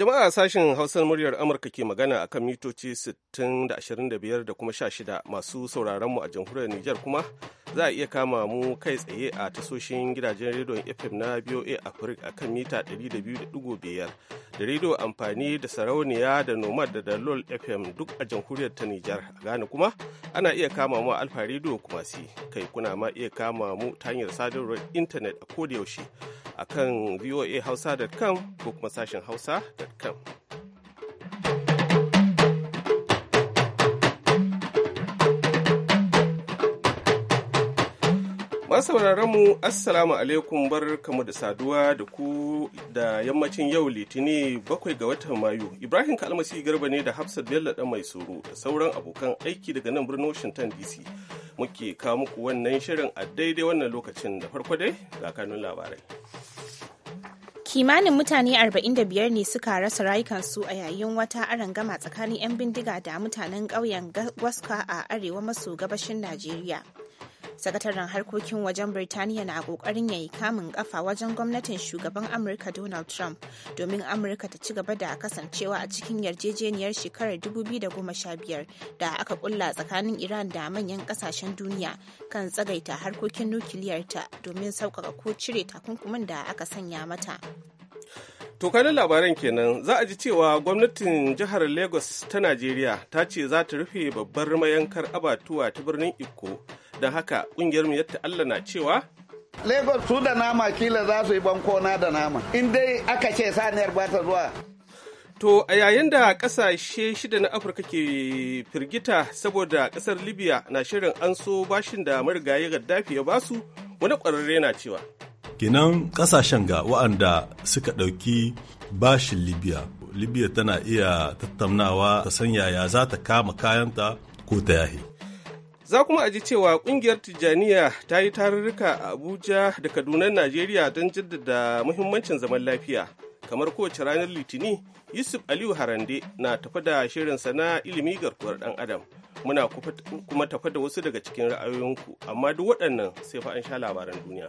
Jama'a sashen Hausar muryar Amurka ke magana a kan mitoci 625 da da kuma 16 masu mu a jamhuriyar Nijar kuma za a iya kama mu kai tsaye a tasoshin gidajen rediyon FM na BOA Africa a kan mita 200.5 da rediyo amfani da sarauniya da nomad da dalol fm duk a jamhuriyar ta nijar a gane kuma ana iya kama mu alfa rediyo kuma si kai kuna ma iya kama mu ta hanyar sadarwar intanet a kodiyaushe a kan voahausa.com ko kuma sashen hausa.com sauraron mu assalamu alaikum bar kamu da saduwa da ku da yammacin yau litini bakwai ga watan mayu ibrahim kalmasi garba ne da hafsat bello dan mai soro da sauran abokan aiki daga nan birnin washington dc muke kawo muku wannan shirin a daidai wannan lokacin da farko dai ga kanun labarai kimanin mutane 45 ne suka rasa rayukansu a yayin wata gama tsakanin 'yan bindiga da mutanen ƙauyen gwaska a arewa maso gabashin najeriya sakataren harkokin wajen birtaniya na kokarin ya yi kamun kafa wajen gwamnatin shugaban amurka donald trump domin amurka ta ci gaba da kasancewa a cikin yarjejeniyar shekarar 2015 da aka kulla tsakanin iran da manyan kasashen duniya kan tsagaita harkokin nukiliyarta domin sauƙaƙa ko cire takunkumin da aka sanya mata To kanin labaran kenan za a ji cewa gwamnatin jihar Lagos ta Najeriya ta ce za ta rufe babbar mayankar abatuwa ta birnin Iko don haka ƙungiyar mu yadda Allah na cewa Lagos su da nama kila za su yi bankona da nama in dai aka ce saniyar ba ta zuwa. To a yayin da ƙasashe shida na Afirka ke firgita saboda ƙasar Libya na shirin an so bashin da marigayi Gaddafi ya basu wani ƙwararre na cewa. kenan kasashen ga waɗanda suka ɗauki bashin libya libya tana iya tattaunawa ta san yaya za ta kama kayanta ko ta yahi za kuma aji cewa kungiyar tijjaniya ta yi tarurruka a abuja da kaduna najeriya don jaddada muhimmancin zaman lafiya kamar kowace ranar litini yusuf aliyu harande na tafa da shirin na ilimi garkuwar dan adam muna kuma tafa da wasu daga cikin ra'ayoyinku amma duk waɗannan sai fa an sha labaran duniya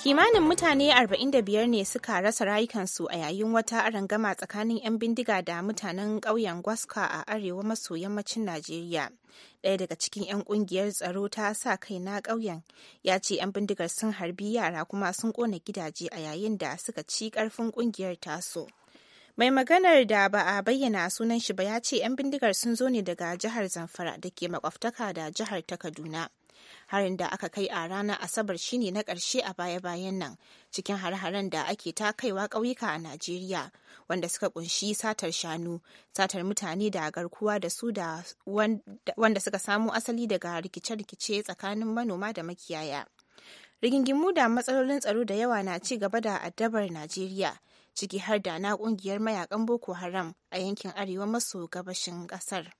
kimanin mutane 45 ne suka rasa rayukansu a yayin wata arangama tsakanin 'yan bindiga da mutanen ƙauyen gwaska a arewa maso yammacin najeriya ɗaya daga cikin 'yan ƙungiyar tsaro ta sa kai na ƙauyen ya ce 'yan bindigar sun harbi yara kuma sun ƙona gidaje a yayin da suka ci ƙarfin ƙungiyar taso mai maganar da ba a bayyana sunan shi ba ya ce 'yan bindigar sun zo ne daga jihar zamfara da ke makwabtaka da jihar ta kaduna harin da aka kai a ranar asabar shine na ƙarshe a baya-bayan nan cikin har-haren da ake ta kaiwa ƙauyuka a najeriya wanda suka kunshi satar shanu satar mutane da garkuwa da su da wanda suka samo asali daga rikice-rikice tsakanin manoma da makiyaya rigingimu da matsalolin tsaro da yawa na ci gaba da addabar najeriya ciki har da na kungiyar mayakan boko haram a yankin arewa maso gabashin kasar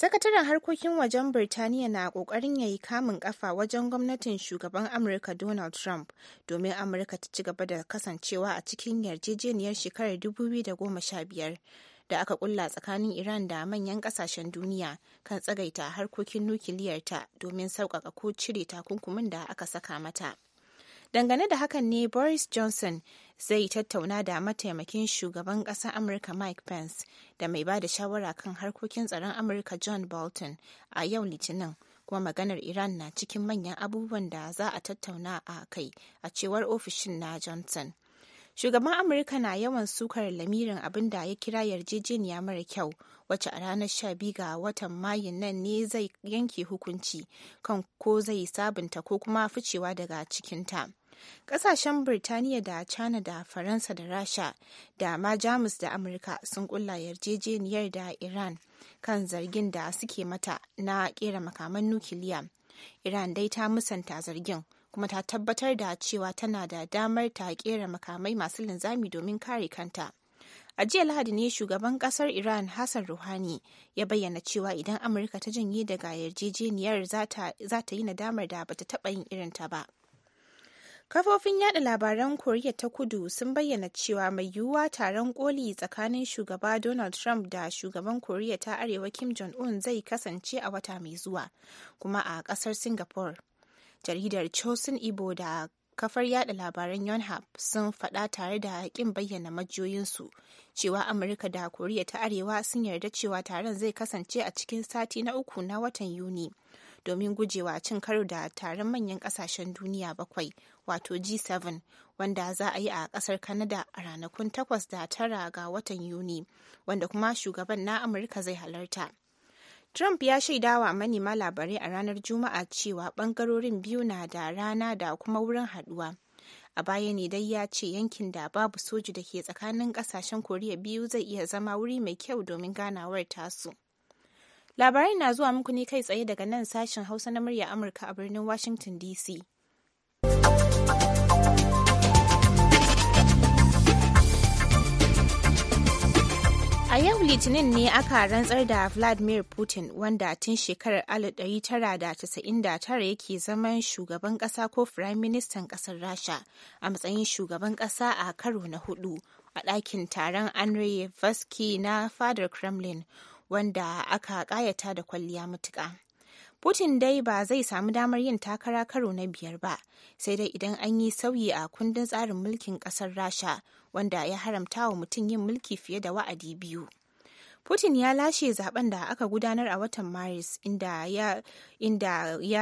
Sakataren harkokin wajen Birtaniya na ƙoƙarin ya yi kamun ƙafa wajen gwamnatin shugaban Amurka Donald Trump domin Amurka ta ci gaba da kasancewa a cikin yarjejeniyar shekarar 2015 da aka kulla tsakanin Iran da manyan ƙasashen duniya kan tsagaita harkokin nukiliyarta domin sauƙaƙa ko cire takunkumin da aka saka mata. Dangane da hakan ne Boris Johnson zai tattauna da mataimakin shugaban ƙasar Amurka Mike Pence da mai ba da shawara kan harkokin tsaron Amurka John Bolton a yau Litinin. kuma maganar Iran na cikin manyan abubuwan da za a tattauna a kai a cewar ofishin na Johnson. Shugaban Amurka na yawan sukar lamirin abin da ya kira yarjejeniya mara kyau wacce a ranar 12 ga watan Mayun nan ne zai yanke hukunci kan ko zai sabunta ko kuma ficewa daga cikinta. Ƙasashen Birtaniya da China da Faransa da Rasha da ma Jamus da Amurka sun ƙulla yarjejeniyar da Iran kan zargin da suke mata na ƙera makaman nukiliya. Iran dai ta musanta zargin kuma ta tabbatar da cewa tana da damar ta ƙera makamai masu linzami domin kare kanta. A jiya Lahadi ne shugaban ƙasar Iran Hassan Rouhani ya bayyana cewa idan Amurka ta janye daga yarjejeniyar za ta yi nadamar da bata taɓa yin irinta ba. Kafofin yada labaran Koriya ta Kudu sun bayyana cewa mai yiwuwa taron koli tsakanin shugaba Donald Trump da shugaban Koriya ta Arewa Kim Jong-un zai kasance a wata mai zuwa, kuma a kasar Singapore. Jaridar Chosun Ibo da kafar yada labaran Yonhap sun fada tare da kin bayyana majiyoyinsu cewa Amurka da Koriya ta Arewa sun yarda cewa taron zai kasance a cikin sati na uku na watan Yuni domin gujewa cin karo da taron manyan kasashen duniya bakwai wato G7 wanda za a yi a kasar kanada a ranakun 8 da tara ga watan Yuni wanda kuma shugaban na Amurka zai halarta. Trump ya shaida wa manema labarai a ranar Juma'a cewa bangarorin biyu na da rana da kuma wurin haduwa. a baya ne dai ya ce yankin da babu soji da ke tsakanin kasashen koriya biyu zai iya zama wuri mai kyau domin ganawar tasu labarai na zuwa muku ne kai tsaye daga nan sashen hausa na murya amurka a birnin washington dc A yau Litinin ne aka rantsar da Vladimir Putin wanda tun shekarar 1999 yake zaman shugaban ƙasa ko firayim ministan ƙasar Rasha a matsayin shugaban ƙasa a karo na hudu a ɗakin taron Andrei Vasky na fadar Kremlin wanda aka ƙayata da kwalliya matuƙa. Putin dai ba zai samu damar yin takara karo na biyar ba, sai dai idan an yi sauyi a kundin tsarin mulkin ƙasar Rasha wanda ya haramta wa mutum yin mulki fiye da wa'adi biyu. Putin ya lashe zaben da aka gudanar a watan Maris inda ya,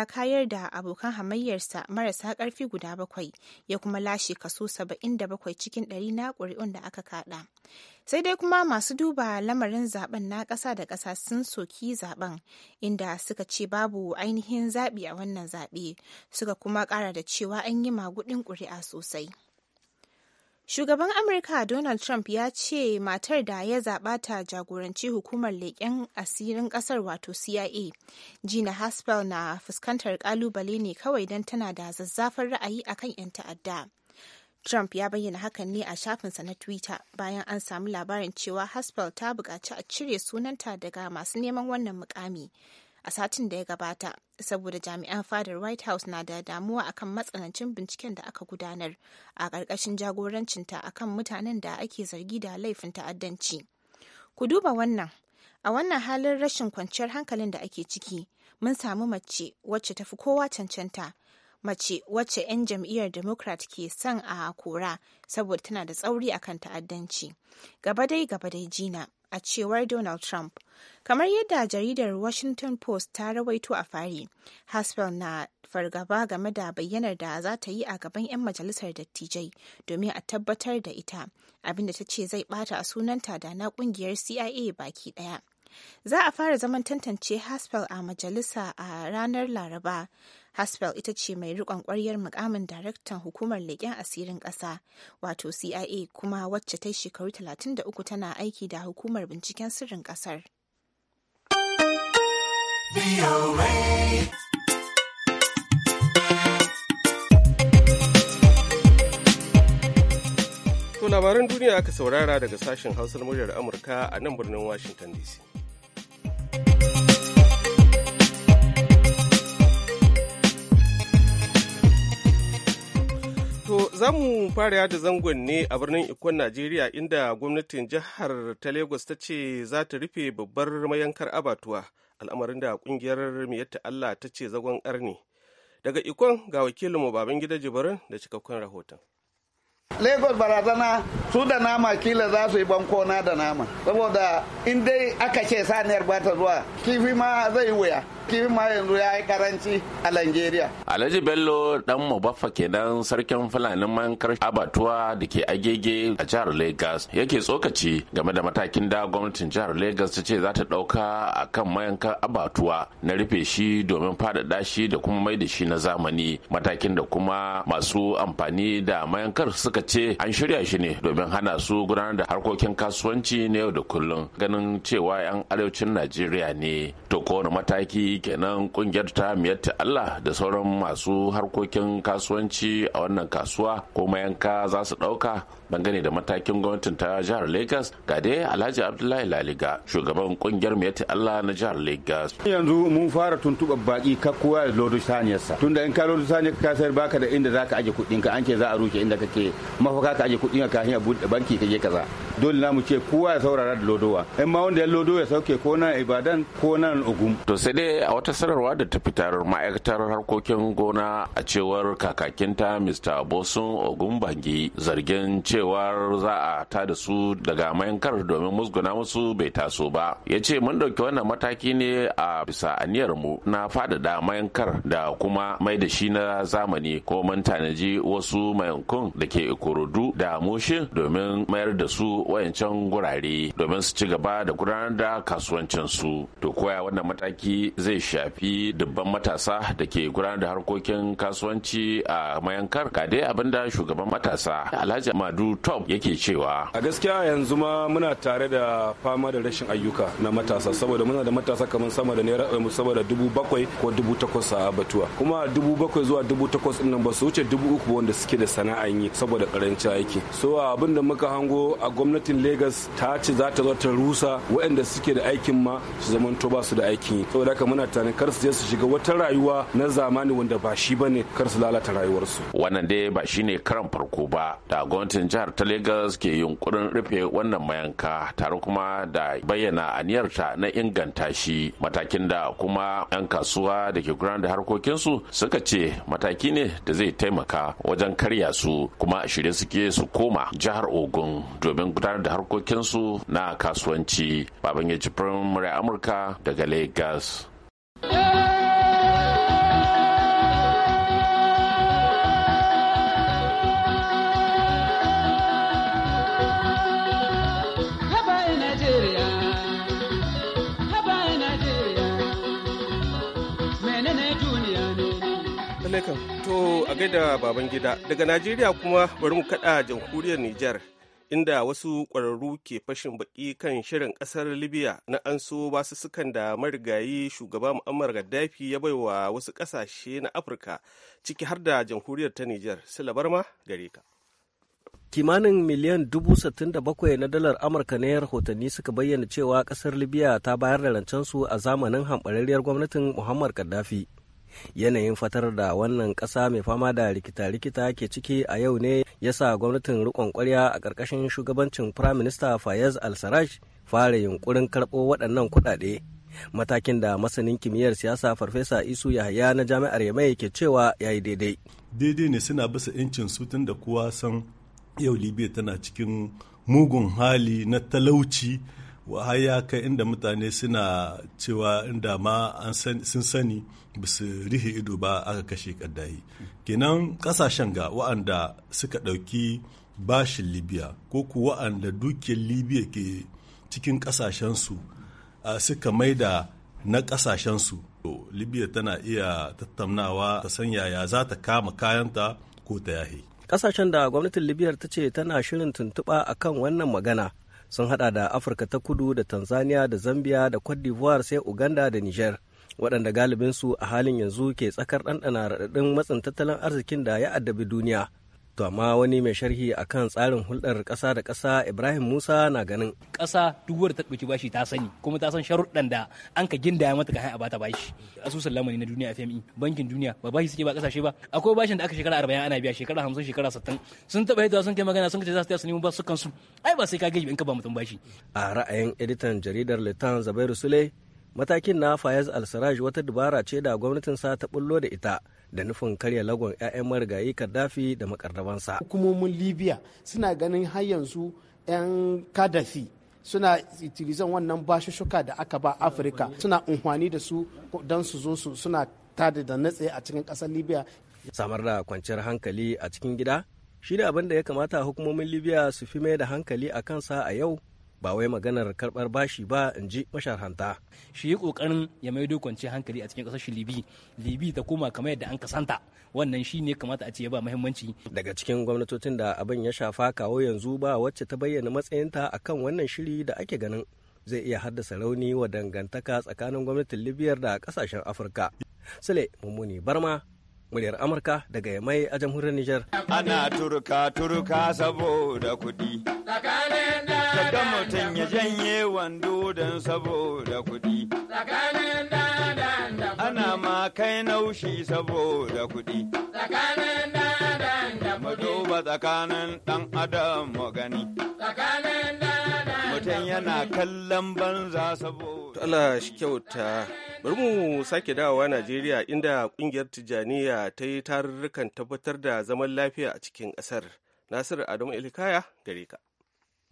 kayar da abokan hamayyarsa marasa ƙarfi guda bakwai ya kuma lashe kaso saba'in da bakwai cikin ɗari na ƙuri'un da aka kada. sai dai kuma masu duba lamarin zaben na ƙasa da ƙasa sun soki zaben inda suka ce babu ainihin zaɓi a wannan zaɓe suka kuma ƙara da cewa an yi magudin ƙuri'a sosai shugaban amurka donald trump ya ce matar da ya zaɓa ta jagoranci hukumar leƙen asirin ƙasar wato cia gina haspel na fuskantar ƙalubale ne kawai don tana da zazzafar ra'ayi akan 'yan ta'adda Trump ya bayyana hakan ne a shafinsa na Twitter bayan an samu labarin cewa Haspel ta bukaci a cire sunanta daga masu neman wannan mukami a satin da ya gabata saboda jami'an fadar White House na da damuwa akan matsanancin binciken da aka gudanar a ƙarƙashin jagorancinta akan mutanen da ake zargi da laifin ta'addanci. Ku duba wannan, a wannan halin rashin kwanciyar hankalin da ake ciki, mun samu mace wacce tafi kowa cancanta mace wacce 'yan jam'iyyar democrat ke son a kora saboda tana da tsauri a kan ta'addanci gaba dai gaba dai jina a cewar donald trump kamar yadda jaridar washington post ta rawaito a fari haspel na fargaba game da bayyanar da za ta yi a gaban 'yan majalisar dattijai domin a tabbatar da ita abinda ta ce zai bata a sunanta da na kungiyar cia baki daya za a fara zaman tantance haspel a majalisa a ranar laraba Haspel ita ce mai riƙon ƙwaryar mukamin daraktan hukumar leƙen asirin ƙasa wato CIA kuma wacce ta shekaru 33 tana aiki da hukumar binciken sirrin ƙasar. To labaran duniya aka saurara daga sashen hausar muryar Amurka a nan birnin Washington DC. za mu fara da zangon ne a birnin ikon najeriya inda gwamnatin jihar ta lagos ta ce za ta rufe babbar mayankar abatuwa al'amarin da kungiyar miyatta allah ta ce zagon karni daga ikon ga wakilinmu Babangida gida jibirin da cikakkun rahoton lagos barazana su da nama kila za su yi bankona da nama saboda in dai aka ce saniyar ba ta zuwa kifi ma zai yi wuya kifi ma yanzu ya yi karanci a Najeriya. Alhaji Bello dan Mubaffa kenan sarkin Fulani mankar abatuwa da ke agege a jihar Lagos yake tsokaci game da matakin da gwamnatin jihar Lagos ta ce za ta dauka a kan mayankan abatuwa na rufe shi domin faɗaɗa shi da kuma mai da shi na zamani matakin da kuma masu amfani da mayankar suka an shirya shi ne domin hana su gudanar da harkokin kasuwanci na yau da kullum ganin cewa 'yan arewacin najeriya ne to kowane mataki kenan kungiyar ta miyatta allah da sauran masu harkokin kasuwanci a wannan kasuwa ko mayanka za su ɗauka dangane da matakin gwamnatin ta jihar Lagos ga dai Alhaji Abdullahi Laliga shugaban kungiyar Miyati Allah na jihar Lagos. Yanzu mun fara tuntuɓa baki ka kowa da lodo saniyarsa tunda in ka lodo saniyar ka sayar baka da inda zaka aje kuɗin ka an ce za a ruke inda kake mafaka ka aje kuɗin ka kafin a buɗe banki kaje kaza. Dole na mu ce kowa ya saurara da lodowa in ma wanda ya lodo ya sauke ko na Ibadan ko nan Ogun. To sai dai a wata sanarwa da ta fitar ma'aikatar harkokin gona a cewar kakakinta Mr. Bosun bangi zargin cewa cewar za a ta da su daga mayankar domin musguna musu bai taso ba ya ce mun ɗauki wannan mataki ne a bisa aniyar mu na fadada mayankar da kuma mai da shi na zamani ko mun tanaji wasu mayankun da ke ikorodu da mushin domin mayar da su wayancan gurare domin su ci gaba da gudanar da kasuwancin su to koya wannan mataki zai shafi dubban matasa da ke gudanar da harkokin kasuwanci a mayankar ka dai abinda shugaban matasa alhaji madu Trump yake cewa. A gaskiya yanzu ma muna tare da fama da rashin ayyuka na matasa saboda muna da matasa kamar sama da naira eh, sama da dubu bakwai ko dubu takwas a batuwa kuma dubu bakwai zuwa dubu takwas ɗin nan ba su wuce dubu uku wanda suke da sana'an yi saboda karancin aiki. So abin da muka hango a gwamnatin legas ta ce za ta zo ta rusa waɗanda suke da aikin ma su zamanto ba su da aikin yi saboda haka muna tunanin kar su je su shiga wata rayuwa na zamani wanda ba shi bane kar su lalata rayuwarsu. Wannan dai ba shine karan farko ba da gwamnatin jihar ta Legas ke yunkurin rufe wannan mayanka tare kuma da bayyana aniyarta na inganta shi matakin da kuma 'yan kasuwa da ke gudanar da harkokinsu suka ce mataki ne da zai taimaka wajen karya su kuma shirye suke su koma jihar Ogun domin gudanar da harkokinsu na kasuwanci. Baban ya Amurka daga Legas. alaikum to a gaida baban gida daga najeriya kuma bari mu kada jamhuriyar niger inda wasu ƙwararru ke fashin baki kan shirin ƙasar libya na an so sukan da marigayi shugaba mu'ammar gaddafi ya baiwa wasu ƙasashe na afirka ciki har da jamhuriyar ta niger silabar ma gare ka kimanin miliyan dubu sittin da bakwai na dalar amurka ne rahotanni suka bayyana cewa ƙasar libya ta bayar da rancensu a zamanin hamɓararriyar gwamnatin muhammad gaddafi yanayin fatar da wannan ƙasa mai fama da rikita-rikita ke ciki a yau ne ya sa gwamnatin riƙon ƙwarya a ƙarƙashin shugabancin firaminista fayez al-sarraj fara yunkurin karɓo waɗannan kuɗaɗe matakin da masanin kimiyyar siyasa farfesa isu yahaya na jami'ar yamai ke cewa ya yi daidai daidai ne suna bisa incin su tun da kowa san yau libya tana cikin mugun hali na talauci har ya kai inda mutane suna cewa inda ma sun sani ba su rihe ido ba aka kashe kaddahi kenan kasashen ga wa'anda suka ɗauki bashin libya ko ku wa'anda dukiyar libya ke cikin ƙasashensu suka maida na kasashensu libya tana iya tattaunawa ta san yaya za ta kama kayanta ko ta yahe kasashen da gwamnatin libyar ta ce tana shirin tuntuɓa akan wannan magana sun hada da afirka ta kudu da tanzania da zambia da cote d'ivoire sai uganda da niger waɗanda galibinsu a halin yanzu ke tsakar ɗanɗana raɗaɗin matsin tattalin arzikin da ya addabi duniya To amma wani mai sharhi akan tsarin hulɗar ƙasa da ƙasa Ibrahim Musa na ganin. Ƙasa duk wadda ta ɗauki bashi ta sani kuma ta san sharuɗɗan da an ka ya mata kafin a bata bashi. Asusun lamani na duniya FMI e, bankin duniya ba bashi suke ba ƙasashe ba akwai bashin da aka shekara arba'in ana biya shekara hamsin shekara sittin sun taɓa haihuwa sun kai magana sun ce za su taya su nemo basu kansu ai ba sai ka gaji in ka ba mutum bashi. A ra'ayin editan jaridar Litan Zabairu Sule matakin na fayez al saraj wata dabara ce da gwamnatin sa ta bullo da ita da nufin karya lagon 'ya'yan marigayi kaddafi da makardabansa hukumomin libya suna ganin har yanzu 'yan kadafi suna utilizan wannan bashushuka da aka ba afirka suna unhwani da su don su zo su suna tada da natse a cikin ƙasar libya samar da kwanciyar hankali a cikin gida shi da abin da ya kamata hukumomin libya su fi mai da hankali a kansa a yau ba wai maganar karbar bashi ba in ji masharhanta shi yi kokarin ya maido kwanci hankali a cikin kasashen libi libi ta koma kamar yadda an kasanta wannan shi ne kamata a ce ya ba muhimmanci daga cikin gwamnatocin da abin ya shafa kawo yanzu ba wacce ta bayyana matsayinta akan wannan shiri da ake ganin zai iya haddasa rauni wa dangantaka tsakanin gwamnatin libiyar da kasashen afirka sule mummuni barma muryar amurka daga yamai a jamhuriyar niger ana turka turka saboda kuɗi Kada mutum ya janye wando don saboda kuɗi. Ana ma kai naushi saboda kuɗi. Mu duba tsakanin ɗan adam mu gani. Mutum yana kallon banza saboda. Allah shi kyauta. Bari mu sake dawowa Najeriya inda kungiyar Tijjaniya ta yi tarurrukan tabbatar da zaman lafiya a cikin ƙasar. Nasiru Adamu Ilikaya gare ka.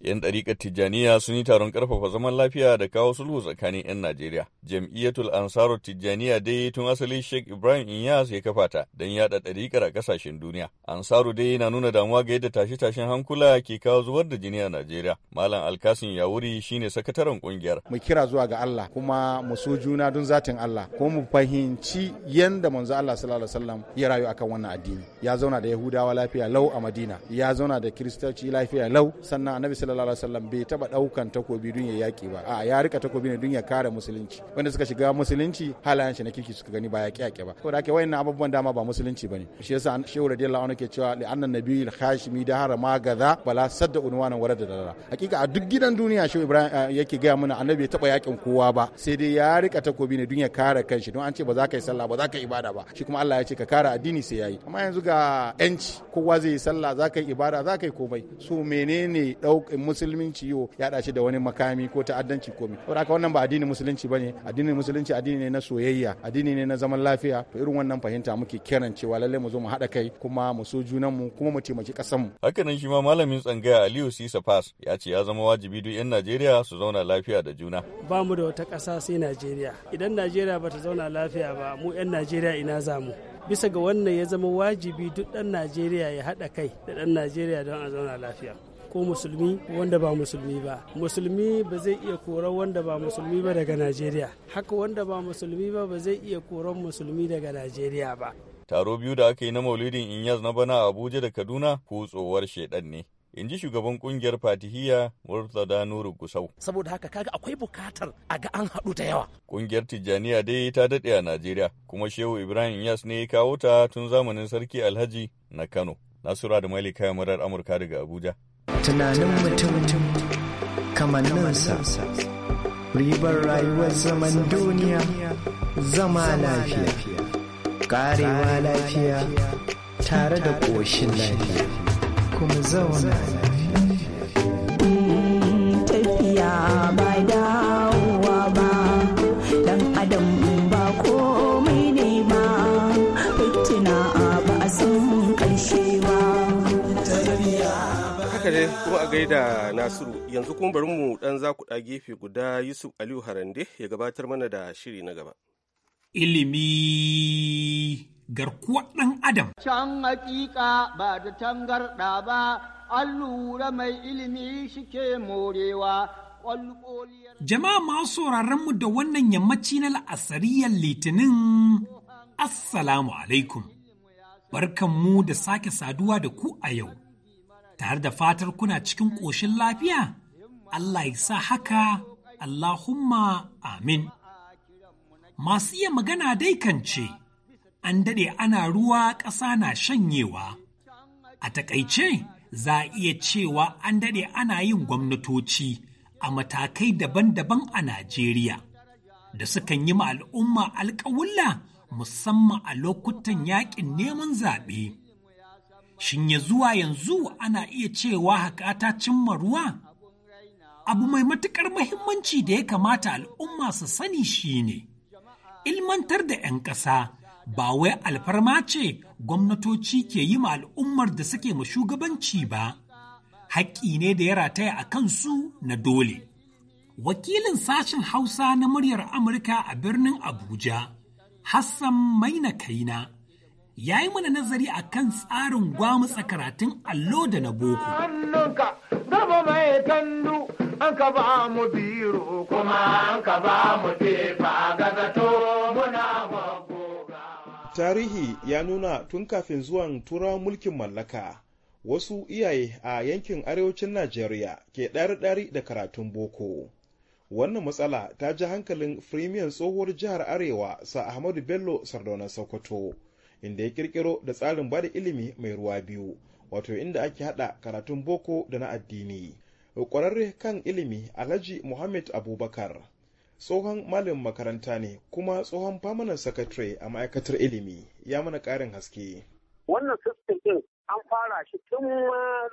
'Yan ɗariƙar Tijjaniya sun yi taron ƙarfafa zaman lafiya da kawo sulhu tsakanin 'yan Najeriya. Jam'iyyatul Ansaro Tijjaniya dai tun asali Sheikh Ibrahim Inyas ya kafa ta don yaɗa ɗariƙar a ƙasashen duniya. Ansaru dai na nuna damuwa ga yadda tashe-tashen hankula ke kawo zubar da jini a Najeriya. Malam Alkasin Yawuri shine sakataren ƙungiyar. Mu kira zuwa ga Allah kuma mu so juna don zatin Allah kuma mu fahimci yadda manzo Allah sallallahu alaihi wasallam ya rayu akan wannan addini. Ya zauna da Yahudawa lafiya lau a Madina, ya zauna da Kiristoci lafiya lau, sannan Annabi sallallahu alaihi wasallam bai taba daukan takobi don ya yaki ba a ya rika takobi ne don ya kare musulunci wanda suka shiga musulunci halayen shi na kirki suka gani ba yaki yaki ba saboda haka wayannan abubuwan dama ba musulunci bane shi yasa shehu radiyallahu anhu ke cewa li anna nabiyul hashimi da har ma gaza bala sadda unwanan warada dalala hakika a duk gidan duniya shehu ibrahim eh, yake ga mana annabi bai taba yakin kowa ba sai dai ya rika takobi ne don ya kare kanshi don an ce ba za ka yi sallah ba za ka yi ibada ba shi kuma Allah ya ce ka kare addini sai yayi amma yanzu ga yanci kowa zai yi sallah za ka yi ibada za ka yi komai so menene dauka musulunci yo ya dace da wani makami ko ta'addanci komi saboda haka wannan ba addinin musulunci bane addinin musulunci addini ne na soyayya addini ne na zaman lafiya to irin wannan fahimta muke kiran cewa lalle mu zo mu hada kai kuma mu so junan mu kuma mu taimaki kasan mu hakanan shi ma malamin tsangaya Aliyu Sisa Pass ya ce ya zama wajibi duk 'yan Najeriya su zauna lafiya da juna ba mu da wata kasa sai Najeriya idan Najeriya ta zauna lafiya ba mu 'yan Najeriya ina za mu bisa ga wannan ya zama wajibi duk ɗan najeriya ya haɗa kai da ɗan najeriya don a zauna lafiya ko musulmi wanda ba musulmi ba musulmi ba zai iya koran wanda ba musulmi ba daga najeriya haka wanda ba musulmi ba ba zai iya koran musulmi daga najeriya ba taro biyu da aka yi na maulidin inyaz na bana abuja da kaduna kutsowar shaidan ne in ji shugaban kungiyar fatihiya murtada nuru gusau saboda haka kaga akwai bukatar a ga an haɗu da yawa kungiyar tijjaniya dai ta daɗe a najeriya kuma shehu ibrahim yas ne ya kawo ta tun zamanin sarki alhaji na kano nasura da kayan murar amurka daga abuja tunanin mutum kamanninsa ribar rayuwar zaman duniya zama lafiya karewa lafiya tare da ƙoshin lafiya kuma zauna lafiya tafiya bai da Kuma a gaida Nasiru yanzu kuma bari mu dan ku gefe guda Yusuf Aliyu Harande ya gabatar mana da shiri na gaba. Ilimi garkuwa ɗan Adam. Can hakika ba da tangarɗa ba, an lura mai ilimi shike morewa. Jama'a masu mu da wannan yammaci na la'asariyar litinin Assalamu alaikum. Barkan mu da sake saduwa da ku a yau. tare da fatar kuna cikin ƙoshin lafiya? Allah ya sa haka, Allahumma amin. Masu iya magana dai kan ce, an daɗe ana ruwa ƙasa na shanyewa. A taƙaice, za a iya cewa an daɗe ana yin gwamnatoci a matakai daban-daban a Najeriya, da sukan yi ma al'umma alƙawulla musamman a lokutan yaƙin neman zaɓe. Shin ya zuwa yanzu ana iya cewa haka ta cimma ruwa? Abu mai matuƙar mahimmanci da ya kamata al'umma su sani shine ilmantar da ‘yan ƙasa ba wai alfarma ce gwamnatoci ke yi ma al'ummar da suke ma shugabanci ba, haƙƙi ne da ya rataya a kansu na dole. Wakilin sashen Hausa na muryar Amurka a birnin Abuja, Hassan Maina Kaina. ya yi mana nazari a kan tsarin gwamutsa karatun allo da na boko. Hannunka Tarihi ya nuna tun kafin zuwan turawan mulkin mallaka wasu iyaye a yankin arewacin Najeriya ke ɗari-ɗari da karatun boko. Wannan matsala ta ji hankalin firimiyan tsohuwar jihar Arewa sa Ahmadu Bello Sardauna Sokoto. inda ya kirkiro da tsarin bada ilimi mai ruwa biyu wato inda ake hada karatun boko da na addini kwararre kan ilimi alhaji muhammad abubakar tsohon malamin makaranta ne kuma tsohon famanan sakatare a ma'aikatar ilimi ya mana ƙarin haske wannan an fara shi tun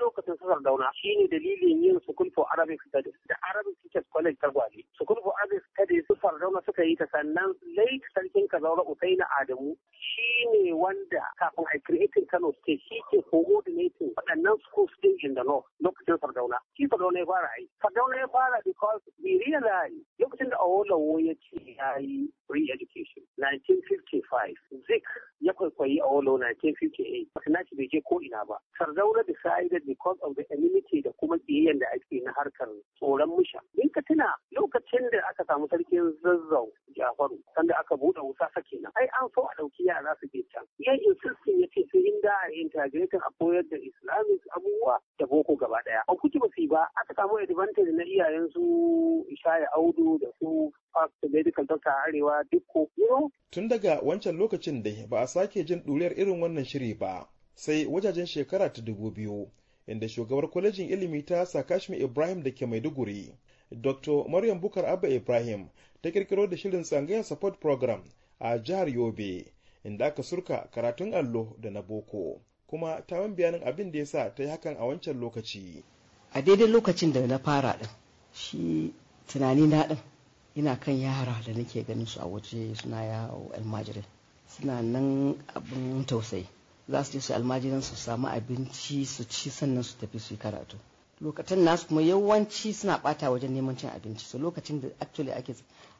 lokacin su dauna shi ne dalilin yin sukun for arabic studies da arabic teachers college ta gwale sukun for arabic studies su sardauna suka yi ta sannan late sarkin kazaura usaina adamu shi ne wanda kafin a creating kano state shi ke coordinating waɗannan schools din in the north lokacin sardauna shi sardauna ya fara yi sardauna ya fara because we realize lokacin da awolowo ya ce ya yi re-education 1955 zik ya kwaikwayi awolowo 1958 na shi bai je ko ko'ina ba sardauna decided because of the enmity da kuma kiyayyen da ake na harkar tsoron musha in ka tuna lokacin da aka samu sarkin zazzau jafaru sanda aka buɗe wusa sake nan ai an so a ɗauki yara su je can yan insistin ya ce sai in da a integrating a koyar da islamic abubuwa da boko gaba ɗaya a kuki ba su ba aka samu advantage na iyayen su ishaya audu da su medical doctor arewa duk ko tun daga wancan lokacin da ba a sake jin ɗuriyar irin wannan shiri ba sai wajajen shekara ta dubu biyu inda shugabar kwalejin ilimi ta sakashmi ibrahim da ke maiduguri dr maryam bukar abba ibrahim ta kirkiro da shirin tsangayar support program a jihar yobe inda aka surka karatun allo da na boko kuma ta man bayanin abin da ya sa ta yi hakan a wancan lokaci a daidai lokacin da na fara din shi tunani na din ina kan yara da nake ganin su a waje suna yawo almajirai suna nan abin tausayi za su je su almajiran su samu abinci su ci sannan su tafi su yi karatu lokacin nasu kuma yawanci suna bata wajen neman cin abinci so lokacin da actually ake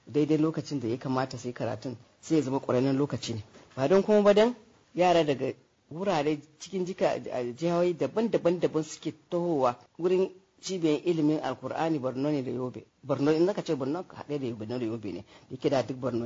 daidai lokacin da ya kamata sai karatun sai ya zama ƙwararren lokaci ne ba don kuma ba don yara daga wurare cikin jika jihohi daban-daban daban suke tahowa wurin cibiyar ilimin alkur'ani borno ne da yobe borno in zaka ce borno haɗe da borno da yobe ne yake da duk borno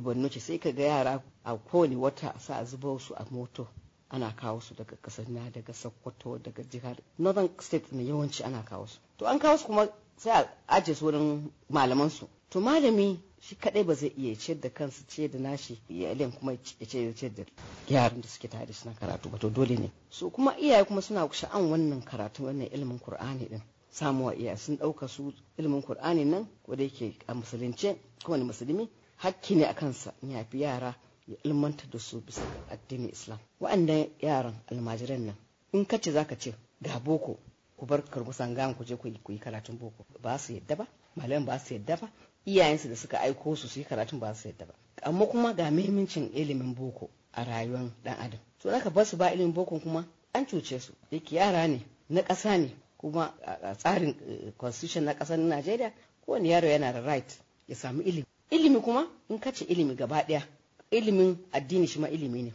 borno ce sai ka ga yara a kowane wata sa a zuba su a moto ana kawo su daga kasar na daga sokoto daga jihar northern state ne yawanci ana kawo su to an kawo su kuma sai a aje su wurin malaman su to malami shi kadai ba zai iya ciyar da kansu ciyar da nashi iyalin kuma ya ciyar da yaran da suke tare suna karatu ba to dole ne Su kuma iyaye kuma suna sha'an wannan karatu wannan ilimin Kur'ani din samuwa iyaye sun dauka su ilimin Kur'ani nan ko da yake a musulunce kowane musulmi hakki ne a kansa ya fi yara ya ilmanta da su bisa addinin islam wa'annan yaran almajiran nan in kace zaka ce ga boko ku bar karkusan gam ku je ku yi karatun boko ba su yadda ba malaman ba su yadda ba iyayensu da suka aiko su su yi karatun ba su yadda ba amma kuma ga muhimmancin ilimin boko a rayuwar dan adam to naka basu su ba ilimin boko kuma an cuce su yake yara ne na ƙasa ne kuma a tsarin eh, constitution na ƙasar Najeriya kowane yaro yana da right ya samu ilimi ilimi kuma in kace ilimi gaba ɗaya ilimin addini shi ma ilimi ne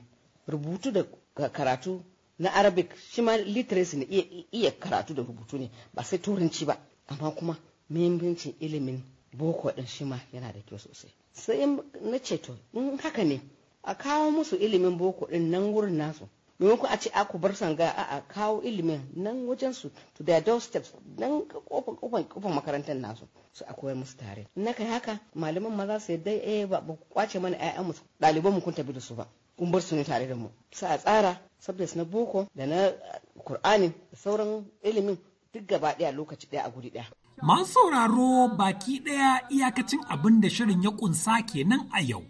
rubutu da karatu na arabic shi ma literacy ne iya karatu da rubutu ne ba sai turanci ba amma kuma muhimmancin ilimin boko din shi ma yana da kyau sosai sai na ce to in haka ne a kawo musu ilimin boko din nan wurin nasu ku a ce aku bar sanga a a kawo ilimin nan wajen su to their doorsteps nan kofar kofar kofar makarantar nasu su a koyar musu tare na kai haka malaman maza za su yadda eh ba ku kwace mana ƴaƴan mu ɗaliban mu kun tafi da su ba kun bar su ne tare da mu sai a tsara subjects na boko da na qur'ani da sauran ilimin duk gaba ɗaya lokaci ɗaya a guri ɗaya Masu sauraro baki ɗaya iyakacin abin da shirin ya ƙunsa kenan a yau.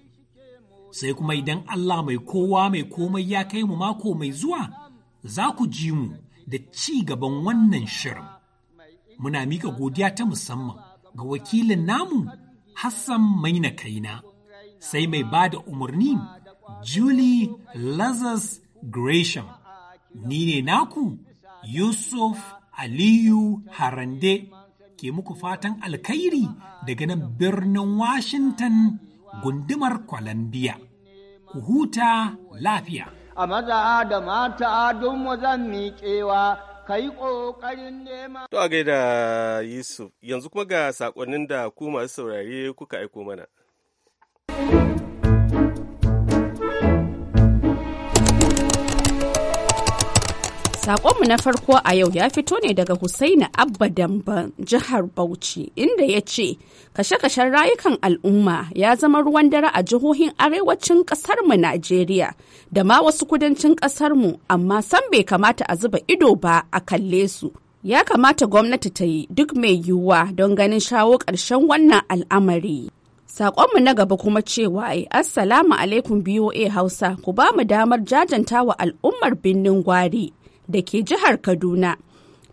Sai kuma idan Allah mai kowa mai komai ya kai mu mako mai zuwa, za ku ji mu da ci gaban wannan shirin. Muna mika godiya ta musamman ga wakilin namu Hassan Maina Kaina, sai mai ba da umarni Julie Lazarus Gresham. Ni ne naku Yusuf Aliyu Harande. ke muku fatan alkhairi daga nan birnin Washington gundumar Columbia. Ku huta lafiya. A maza da mata don zan miƙewa kai ƙoƙarin nema. To a gaida Yusuf, yanzu kuma ga saƙonnin da ku masu saurare kuka aiko mana. Sakonmu na farko a yau ya fito ne daga Husaini Abba Damban jihar Bauchi inda ya ce kashe-kashen rayukan al'umma ya zama ruwan dare a jihohin arewacin ƙasarmu Najeriya da ma wasu kudancin ƙasarmu amma san bai kamata a zuba ido ba a kalle su. Ya kamata gwamnati ta yi duk mai yiwuwa don ganin shawo ƙarshen wannan al'amari. Sakonmu na gaba kuma cewa ai Assalamu alaikum BOA Hausa ku ba mu damar jajanta wa al'ummar birnin gwari da ke jihar Kaduna.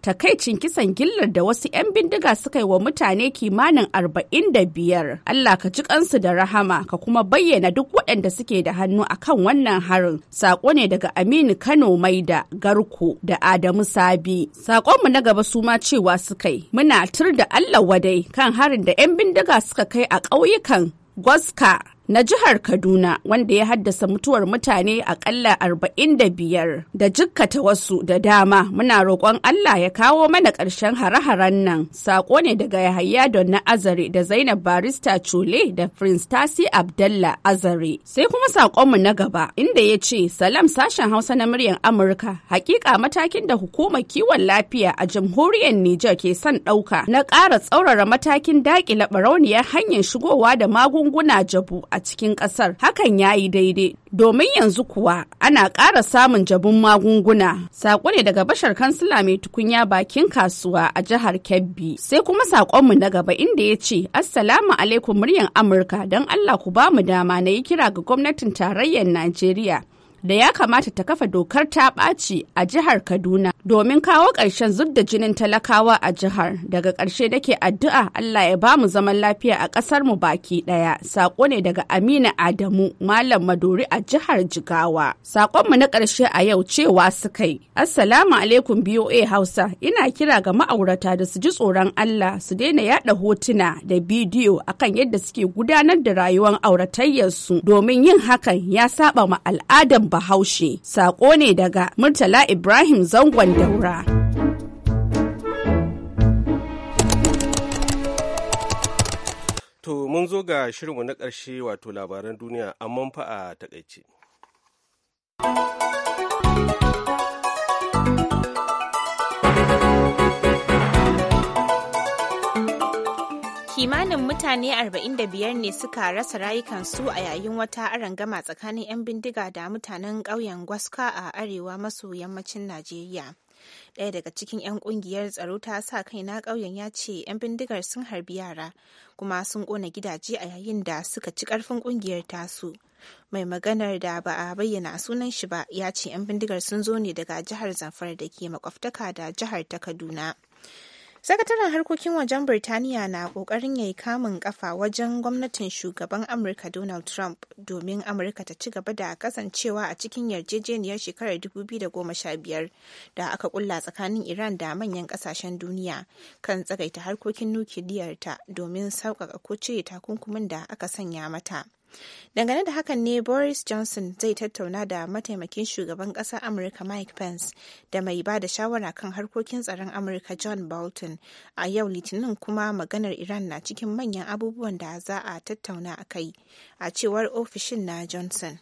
takaicin kisan gillar da wasu 'yan bindiga suka yi wa mutane kimanin arba'in da biyar. Allah ka ji kansu da rahama ka kuma bayyana duk waɗanda suke da hannu a kan wannan harin. Sako ne daga Aminu Kano Maida, Garko da Adamu Sabi. Sakonmu na gaba su ma cewa suka yi. Muna tur da Allah wadai kan harin da 'yan bindiga suka kai a ƙauyukan Gwaska na jihar Kaduna wanda ya haddasa mutuwar mutane akalla arba'in da biyar da jikkata wasu da dama muna roƙon Allah ya kawo mana ƙarshen hare-haren nan saƙo ne daga Yahaya don na Azare da Zainab Barista Chole da Prince Tasi Abdallah Azare sai kuma saƙonmu na gaba inda ya ce salam sashen Hausa na muryar Amurka hakika matakin da hukumar kiwon lafiya a jamhuriyar Nijar ke son ɗauka na ƙara tsaurara matakin daƙile barauniyar hanyar shigowa da magunguna jabu a a cikin ƙasar hakan ya yi daidai domin yanzu kuwa ana ƙara samun jabun magunguna saƙo ne daga bashar kansila mai tukunya bakin kasuwa a jihar kebbi sai kuma saƙonmu na gaba inda ya ce assalamu alaikum muryan amurka don allah ku ba mu dama na yi kira ga gwamnatin tarayyar najeriya da ya kamata ta kafa dokar ta ɓaci a jihar Kaduna domin kawo ƙarshen zub da jinin talakawa a jihar. Daga ƙarshe nake addu'a Allah ya ba mu zaman lafiya a ƙasar mu baki ɗaya. saƙo ne daga Amina Adamu, Malam Madori a jihar Jigawa. Saƙonmu na ƙarshe a yau cewa su kai. Assalamu alaikum BOA Hausa, ina kira ga ma'aurata da su ji tsoron Allah su daina yaɗa hotuna da bidiyo akan yadda suke gudanar da rayuwar auratayyarsu domin yin hakan ya saɓa ma al'adar bahaushe sako ne daga murtala ibrahim zangon daura to mun zo ga shirinmu na ƙarshe wato labaran duniya amma fa a takaice. kimanin mutane 45 ne suka rasa rayukansu a yayin wata gama tsakanin 'yan bindiga da mutanen ƙauyen gwaska a arewa maso yammacin najeriya ɗaya daga cikin 'yan ƙungiyar tsaro ta sa kai na ƙauyen ya ce 'yan bindigar sun harbi yara kuma sun ƙona gidaje a yayin da suka ci ƙarfin ƙungiyar tasu mai maganar da ba a bayyana sunan shi ba ya ce 'yan bindigar sun zo ne daga jihar zamfara da ke makwabtaka da jihar ta kaduna sakataren harkokin wajen birtaniya na kokarin ya yi kamun kafa wajen gwamnatin shugaban amurka donald trump domin amurka ta ci gaba da kasancewa a cikin yarjejeniyar shekarar 2015 da aka kulla tsakanin iran da manyan kasashen duniya kan tsagaita harkokin nukiliyarta domin sauƙaƙa ko cire takunkumin da aka sanya mata Dangane da hakan ne Boris Johnson zai tattauna da mataimakin shugaban ƙasar Amurka Mike Pence da mai ba da shawara kan harkokin tsaron Amurka John Bolton a yau Litinin kuma maganar Iran na cikin manyan abubuwan da za a tattauna a kai, a cewar ofishin na Johnson.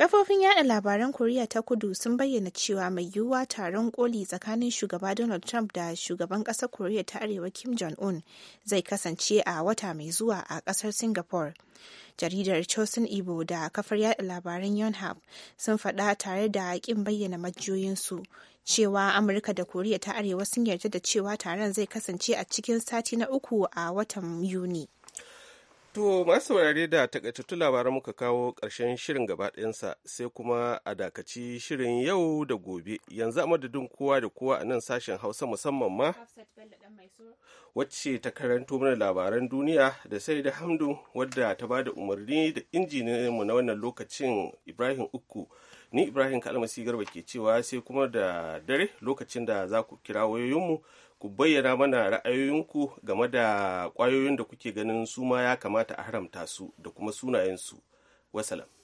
Kafofin yada labaran Koriya ta Kudu sun bayyana cewa mai yiwuwa taron koli tsakanin shugaba Donald Trump da shugaban ƙasar Koriya ta Arewa Kim Jong-un zai kasance a wata mai zuwa a ƙasar Singapore. Jaridar Chosun Ibo da kafar yada labaran Yonhap sun faɗa tare da ƙin bayyana majiyoyinsu cewa Amurka da Koriya ta Arewa sun yarda da cewa taron zai kasance a cikin sati na uku a watan Yuni. To masu saurare da takaitattun labaran muka kawo ƙarshen shirin gaba ɗayansa sai kuma a dakaci shirin yau da gobe yanzu a madadin kowa da kowa a nan sashen hausa musamman ma wacce ta karanto mana labaran duniya da sai da hamdu wadda ta ba da umarni da injininmu na wannan lokacin ibrahim uku ni ibrahim kalmasi garba ke cewa sai kuma da dare lokacin da za ku kira wayoyinmu ku bayyana mana ra'ayoyinku game da ƙwayoyin da kuke ganin su ma ya kamata a haramta su da kuma sunayensu wasalam